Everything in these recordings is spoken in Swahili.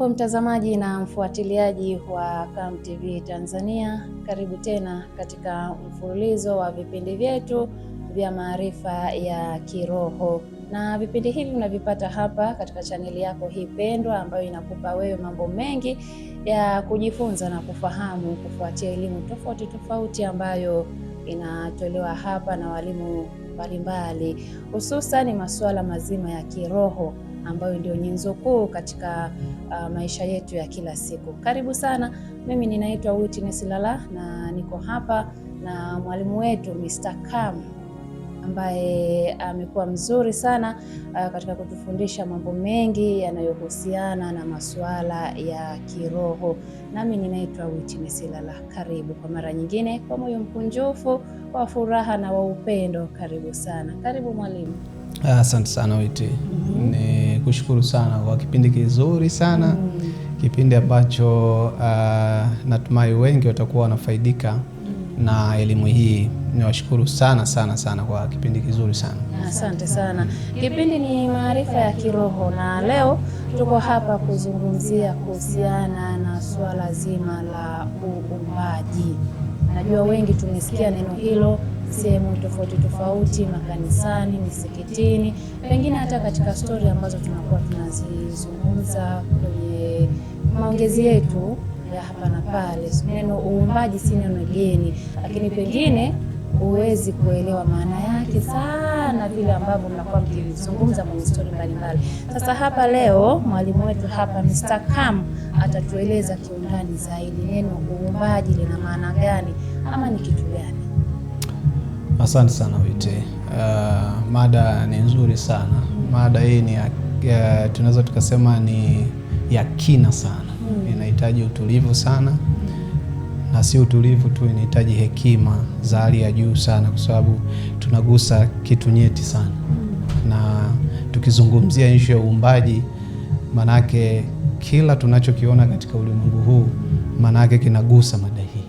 Hujambo mtazamaji na mfuatiliaji wa Come TV Tanzania, karibu tena katika mfululizo wa vipindi vyetu vya maarifa ya kiroho, na vipindi hivi unavipata hapa katika chaneli yako hii pendwa, ambayo inakupa wewe mambo mengi ya kujifunza na kufahamu kufuatia elimu tofauti tofauti ambayo inatolewa hapa na walimu mbalimbali, hususan masuala mazima ya kiroho ambayo ndio nyenzo kuu katika uh, maisha yetu ya kila siku. Karibu sana. Mimi ninaitwa Witness Lala na niko hapa na mwalimu wetu Mr. Kam ambaye amekuwa mzuri sana uh, katika kutufundisha mambo mengi yanayohusiana na masuala ya kiroho. Nami ninaitwa Witness Lala. Karibu kwa mara nyingine, kwa moyo mkunjufu, kwa furaha na wa upendo. Karibu sana, karibu mwalimu. Asante sana Witi. mm -hmm. Ni kushukuru sana kwa kipindi kizuri sana mm -hmm. Kipindi ambacho uh, natumai wengi watakuwa wanafaidika na elimu hii. Niwashukuru sana sana sana kwa kipindi kizuri sana. Asante sana. Kipindi ni maarifa ya kiroho, na leo tuko hapa kuzungumzia kuhusiana na swala zima la uumbaji. Najua wengi tumesikia neno hilo sehemu tofauti tofauti, makanisani, misikitini, pengine hata katika stori ambazo tunakuwa tunazizungumza kwenye maongezi yetu ya hapa na pale. Neno uumbaji si neno geni, lakini pengine huwezi kuelewa maana yake sana vile ambavyo mnakuwa mkizungumza kwenye stori mbalimbali. Sasa hapa leo mwalimu wetu hapa Mr. Kam atatueleza kiundani zaidi neno uumbaji lina maana gani ama ni kitu gani. Asante sana Wite. Uh, mada ni nzuri sana. Mada hii ni uh, tunaweza tukasema ni ya kina sana, hmm. inahitaji utulivu sana, na si utulivu tu, inahitaji hekima za hali ya juu sana, kwa sababu tunagusa kitu nyeti sana, hmm. na tukizungumzia ishu ya uumbaji, manake kila tunachokiona katika ulimwengu huu, manake kinagusa mada hii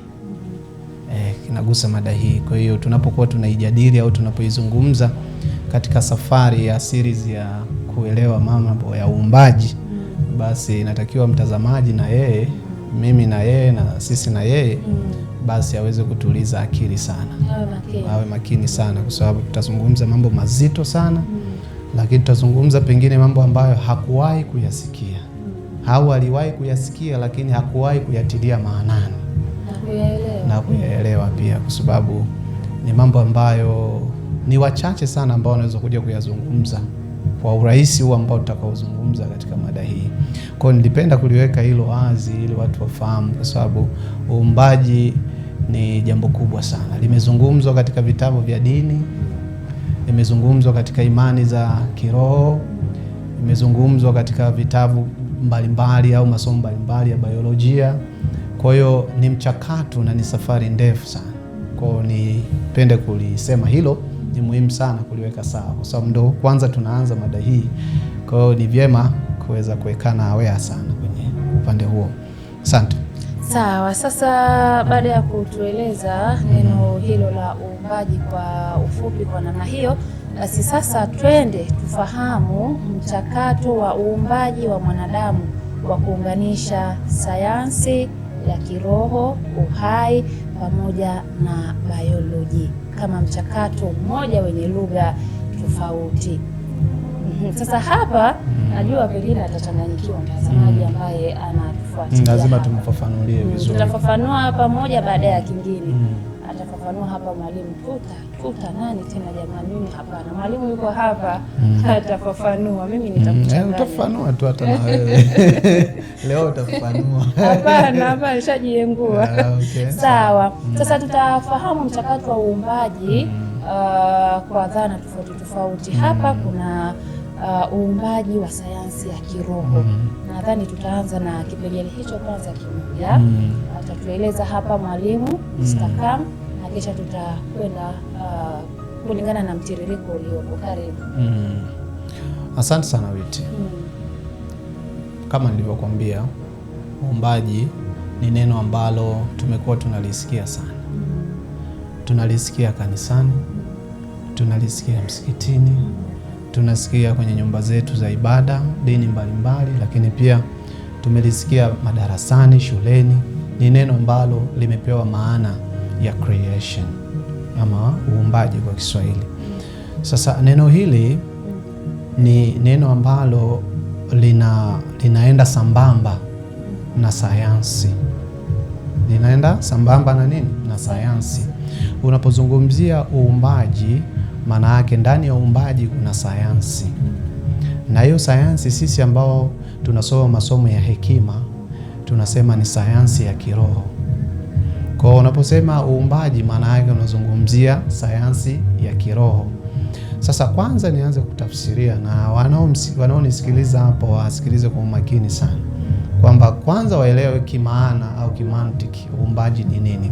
inagusa mada hii. Kwa hiyo tunapokuwa tunaijadili au tunapoizungumza katika safari ya series ya kuelewa mambo ya uumbaji, basi inatakiwa mtazamaji na yeye, mimi na yeye, na sisi na yeye basi aweze kutuliza akili sana, awe makini sana, kwa sababu tutazungumza mambo mazito sana mm. Lakini tutazungumza pengine mambo ambayo hakuwahi kuyasikia mm. au aliwahi kuyasikia lakini hakuwahi kuyatilia maanani kuyaelewa, na kuyaelewa pia, kwa sababu ni mambo ambayo ni wachache sana ambao wanaweza kuja kuyazungumza kwa urahisi huu ambao tutakaozungumza katika mada hii. Kwa hiyo nilipenda kuliweka hilo wazi ili watu wafahamu, kwa sababu uumbaji ni jambo kubwa sana, limezungumzwa katika vitabu vya dini, limezungumzwa katika imani za kiroho, limezungumzwa katika vitabu mbalimbali au masomo mbalimbali ya biolojia. Kwa hiyo ni mchakato na ni safari ndefu sana. Kwa hiyo nipende kulisema hilo, ni muhimu sana kuliweka sawa, kwa sababu ndo kwanza tunaanza mada hii. Kwa hiyo ni vyema kuweza kuwekana awea sana kwenye upande huo. Asante. Sawa. Sasa baada ya kutueleza neno mhm. hilo la uumbaji kwa ufupi kwa namna hiyo, basi sasa twende tufahamu mchakato wa uumbaji wa mwanadamu wa kuunganisha sayansi ya kiroho, uhai pamoja na biology kama mchakato mmoja wenye lugha tofauti. Mhm. Sasa hapa najua pengine atachanganyikiwa mtazamaji mm. ambaye anatufuatilia. Mm, lazima tumfafanulie mm, vizuri. Tutafafanua pamoja baada ya kingine kumfafanua hapa, mwalimu tuta tuta nani tena jamani, mimi hapana, mwalimu yuko hapa mm. atafafanua mimi nitakuchanganya mm. Eh, utafafanua tu hata na wewe leo utafafanua hapana, hapana, nishajengua yeah, okay. Sawa mm. Sasa tutafahamu mchakato wa uumbaji mm. uh, kwa dhana tofauti tofauti mm. hapa kuna uh, uumbaji uh, wa sayansi ya kiroho mm. Nadhani tutaanza na kipengele hicho kwanza kimoja mm. Atatueleza hapa mwalimu mm. Mr. Kam kisha tutakwenda uh, kulingana na mtiririko uliopo karibu. Mm. Asante sana Witi. Mm. Kama nilivyokuambia, uumbaji ni neno ambalo tumekuwa tunalisikia sana. Mm. Tunalisikia kanisani, tunalisikia msikitini, tunasikia kwenye nyumba zetu za ibada, dini mbalimbali mbali, lakini pia tumelisikia madarasani, shuleni. Ni neno ambalo limepewa maana ya creation ama uumbaji kwa Kiswahili. Sasa neno hili ni neno ambalo lina, linaenda sambamba na sayansi, linaenda sambamba na nini? Na sayansi. Unapozungumzia uumbaji, maana yake ndani ya uumbaji kuna sayansi, na hiyo sayansi sisi ambao tunasoma masomo ya hekima tunasema ni sayansi ya kiroho. Kwa hiyo unaposema uumbaji, maana yake unazungumzia sayansi ya kiroho. Sasa kwanza nianze kutafsiria na wanaonisikiliza hapo wasikilize kwa umakini sana, kwamba kwanza waelewe kimaana au kimantiki uumbaji ni nini.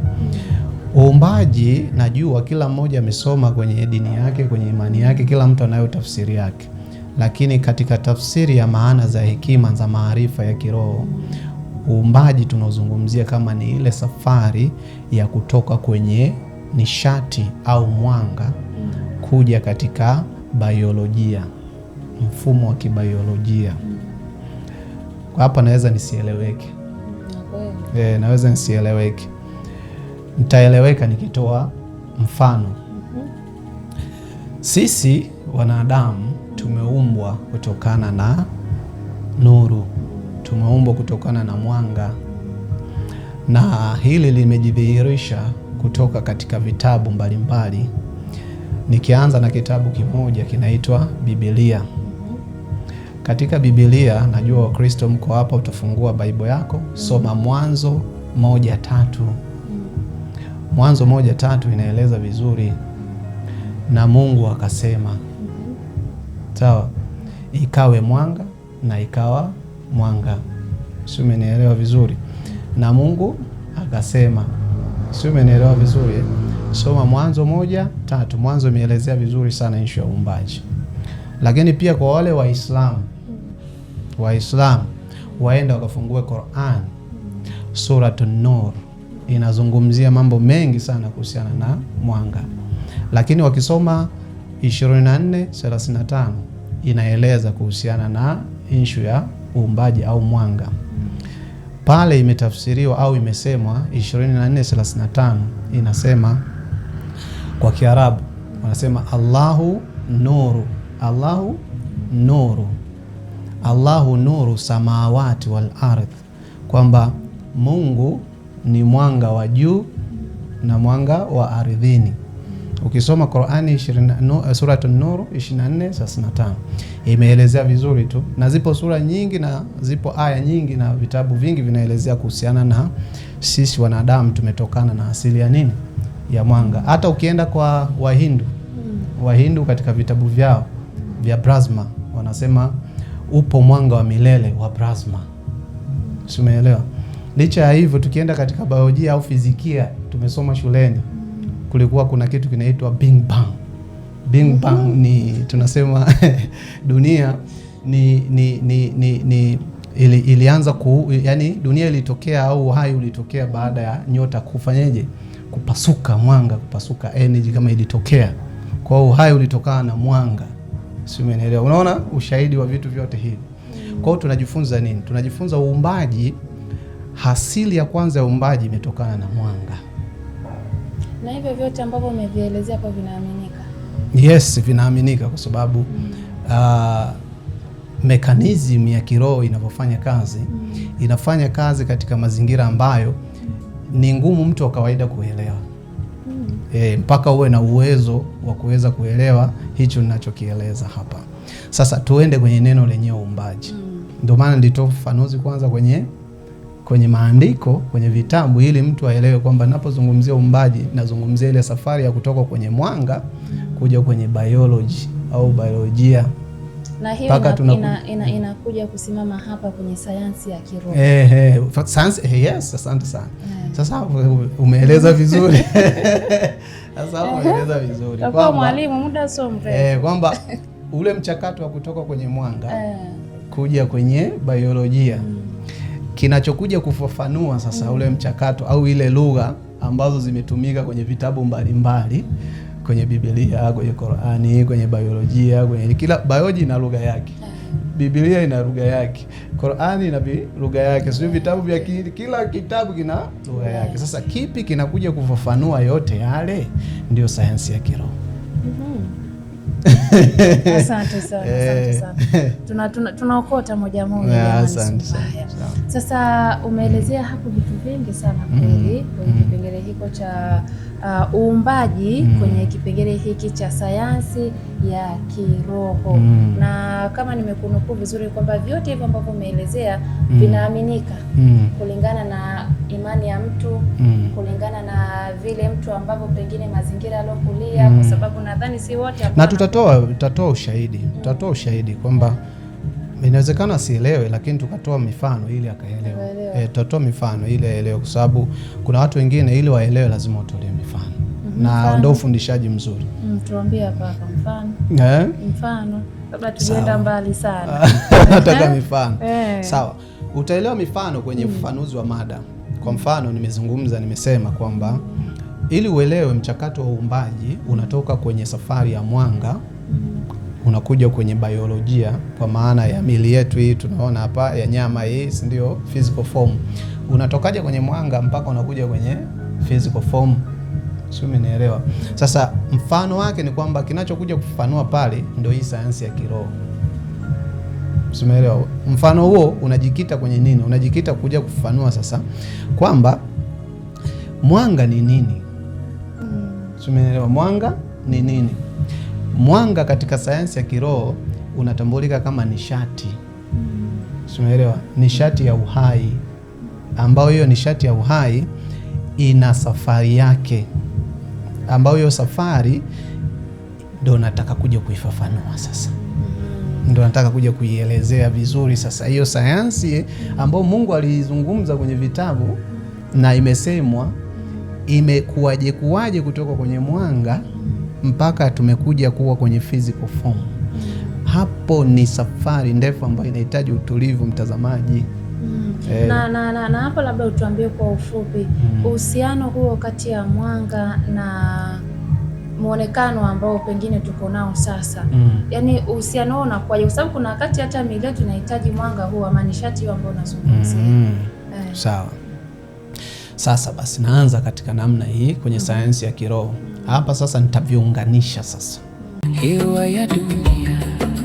Uumbaji najua kila mmoja amesoma kwenye dini yake, kwenye imani yake, kila mtu anayo tafsiri yake, lakini katika tafsiri ya maana za hekima za maarifa ya kiroho Uumbaji tunaozungumzia kama ni ile safari ya kutoka kwenye nishati au mwanga mm. kuja katika biolojia, mfumo wa kibiolojia. Kwa hapa naweza nisieleweke. E, naweza nisieleweke, nitaeleweka nikitoa mfano. Mm-hmm. Sisi wanadamu tumeumbwa kutokana na nuru tumeumbwa kutokana na mwanga, na hili limejidhihirisha kutoka katika vitabu mbalimbali, nikianza na kitabu kimoja kinaitwa Biblia. Katika Biblia, najua Wakristo mko hapa, utafungua Bible yako, soma Mwanzo moja tatu. Mwanzo moja tatu inaeleza vizuri, na Mungu akasema, sawa, ikawe mwanga na ikawa mwanga, si umenielewa vizuri? Na Mungu akasema, si umenielewa vizuri? Soma Mwanzo moja tatu. Mwanzo imeelezea vizuri sana ishu ya uumbaji, lakini pia kwa wale Waislamu, Waislamu waenda wakafungue Qur'an Suratun Nur inazungumzia mambo mengi sana kuhusiana na mwanga, lakini wakisoma 24 35 inaeleza kuhusiana na inshu ya uumbaji au mwanga pale imetafsiriwa au imesemwa 24:35 inasema kwa Kiarabu wanasema Allahu nuru, Allahu nuru, Allahu nuru samawati wal ardh, kwamba Mungu ni mwanga wa juu na mwanga wa ardhini. Ukisoma Qur'ani Suratu Nur 24 35 imeelezea vizuri tu, na zipo sura nyingi na zipo aya nyingi na vitabu vingi vinaelezea kuhusiana na sisi wanadamu tumetokana na asili ya nini, ya mwanga. Hata ukienda kwa Wahindu, hmm. Wahindu katika vitabu vyao vya plasma wanasema upo mwanga wa milele wa plasma, si umeelewa? Licha ya hivyo, tukienda katika biolojia au fizikia tumesoma shuleni kulikuwa kuna kitu kinaitwa bing Bang. Bing mhm. Bang ni tunasema dunia ni, ni, ni, ni, ni ili, ilianza ku, yani dunia ilitokea au uhai ulitokea baada ya nyota kufanyeje kupasuka mwanga kupasuka energy kama ilitokea kwa uhai ulitokana na mwanga, si umeelewa? Unaona ushahidi wa vitu vyote hivi. Mm. Kwa hiyo tunajifunza nini? Tunajifunza uumbaji, hasili ya kwanza ya uumbaji imetokana na mwanga. Na hivyo vyote ambavyo umevielezea hapo vinaaminika? Yes, vinaaminika kwa sababu mm. uh, mekanizmu ya kiroho inavyofanya kazi mm. inafanya kazi katika mazingira ambayo mm. ni ngumu mtu wa kawaida kuelewa mm. E, mpaka uwe na uwezo wa kuweza kuelewa hicho ninachokieleza hapa. Sasa tuende kwenye neno lenyewe uumbaji. mm. Ndio maana nilitoa ufafanuzi kwanza kwenye kwenye maandiko, kwenye vitabu, ili mtu aelewe kwamba ninapozungumzia uumbaji nazungumzia ile safari ya kutoka kwenye mwanga kuja kwenye biology au biolojia na hiyo ina, tunaku... ina, ina, kusimama hapa kwenye sayansi ya kiroho eh, eh, science, eh, yes, asante sana eh. Sasa umeeleza vizuri sasa umeeleza vizuri kwa mwalimu, muda sio mrefu eh, kwamba ule mchakato wa kutoka kwenye mwanga eh, kuja kwenye biolojia hmm kinachokuja kufafanua sasa ule mchakato au ile lugha ambazo zimetumika kwenye vitabu mbalimbali kwenye Biblia, kwenye Qur'ani, kwenye biolojia, kwenye kila biology ina lugha yake. Biblia ina lugha yake. Qur'ani ina lugha yake. Sio vitabu vya kila kitabu kina lugha yake. Sasa kipi kinakuja kufafanua yote yale? Ndio sayansi ya kiroho. Mhm. Asante sana, eh. asante sana. Tuna tunaokota tuna moja moja. Asante sana. Sasa umeelezea hapo vitu vingi sana mm, kweli mm. kwenye kipengele hiko cha uh, uumbaji uh, kwenye kipengele hiki cha sayansi ya kiroho mm. na kama nimekunukuu vizuri kwamba vyote hivyo ambavyo umeelezea mm. vinaaminika mm. kulingana na imani ya mtu mm. kulingana na vile mtu ambavyo pengine mazingira aliokulia mm. kwa sababu nadhani si wote na tutatoa tutatoa ushahidi, tutatoa ushahidi kwamba inawezekana asielewe, lakini tukatoa mifano ili akaelewa. E, eh, tutatoa mifano ili aelewe, kwa sababu kuna watu wengine ili waelewe lazima watolee mifano mm-hmm. na ndio ufundishaji mzuri. Mtuambie mm, hapa mfano. Eh? Mfano. Kabla mbali sana. Nataka eh? mifano. Eh. Sawa. Utaelewa mifano kwenye mm. ufafanuzi wa mada. Kwa mfano, nimezungumza nimesema kwamba ili uelewe mchakato wa uumbaji unatoka kwenye safari ya mwanga unakuja kwenye biolojia kwa maana ya mili yetu hii tunaona hapa ya nyama hii, si ndio? Physical form. Unatokaje kwenye mwanga mpaka unakuja kwenye physical form? Sio, umenielewa? Sasa mfano wake ni kwamba kinachokuja kufafanua pale ndio hii sayansi ya kiroho. Simeelewa. Mfano huo unajikita kwenye nini? Unajikita kuja kufafanua sasa kwamba mwanga ni nini? Mm. Simeelewa. Mwanga ni nini? Mwanga katika sayansi ya kiroho unatambulika kama nishati, simeelewa, nishati ya uhai, ambayo hiyo nishati ya uhai ina safari yake, ambayo hiyo safari ndo nataka kuja kuifafanua sasa ndo nataka kuja kuielezea vizuri sasa, hiyo sayansi ambayo Mungu aliizungumza kwenye vitabu na imesemwa imekuwaje kuwaje kutoka kwenye mwanga mpaka tumekuja kuwa kwenye physical form. Hapo ni safari ndefu ambayo inahitaji utulivu, mtazamaji. Mm. Eh. Na, na, na, na hapo labda utuambie kwa ufupi mm. uhusiano mm. huo kati ya mwanga na mwonekano ambao pengine tuko nao sasa mm. Yaani uhusiano huo unakuwaje? Kwa sababu kuna wakati hata miili yetu inahitaji mwanga huo ama nishati hiyo ambayo unazungumzia mm. Eh. Sawa, sasa basi naanza katika namna hii kwenye mm. sayansi ya kiroho mm hapa sasa nitaviunganisha sasa. Hewa ya dunia